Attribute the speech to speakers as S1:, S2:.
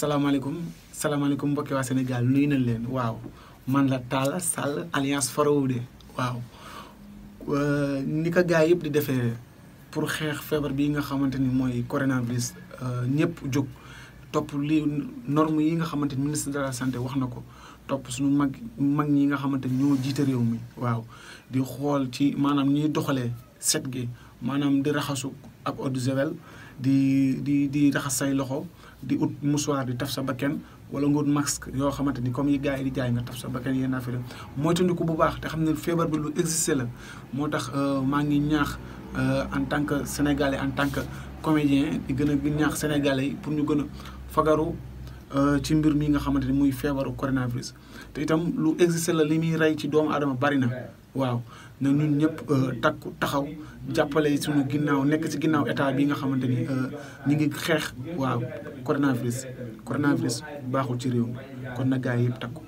S1: salaamaaleykum salaamaaleykum mbokki waa Sénégal nuyu nañ leen waaw man la Talla Sall alliance Farawde waaw euh, ni ko gars yëpp di defee pour xeex feebar bi nga xamante ni mooy coronavirus euh, ñëpp jóg topp li norme yi nga xamante ni ministre de la santé wax na ko topp su suñu mag mag ñi nga xamante ni ñoo jiite réew mi waaw di xool ci maanaam ñuy doxalee set gi maanaam di raxasu ak eau de javel di di di raxas say loxo di ut mouchoir di taf sa bakken wala nga ut masque yoo xamante ni comme yi gars yi di jaay nga taf sa bakken yenn affaire ko bu baax te xam ne feebar bi lu existé la moo tax euh, maa ngi ñaax euh, en tant que sénégalais en tant que comédien di gën a ñaax sénégalais yi pour ñu gën a fagaru euh, ci mbir mii nga xamante ni muy feebaru coronavirus te itam lu existé la li muy rey ci doomu aadama bari na. waaw na ñun ñëpp euh, takku taxaw jàppale suñu ginnaaw nekk ci ginnaaw état bi nga xamante ni euh, ñu ngi xeex waaw coronavirus coronavirus baaxul ci réew mi kon na gars yi yëpp takku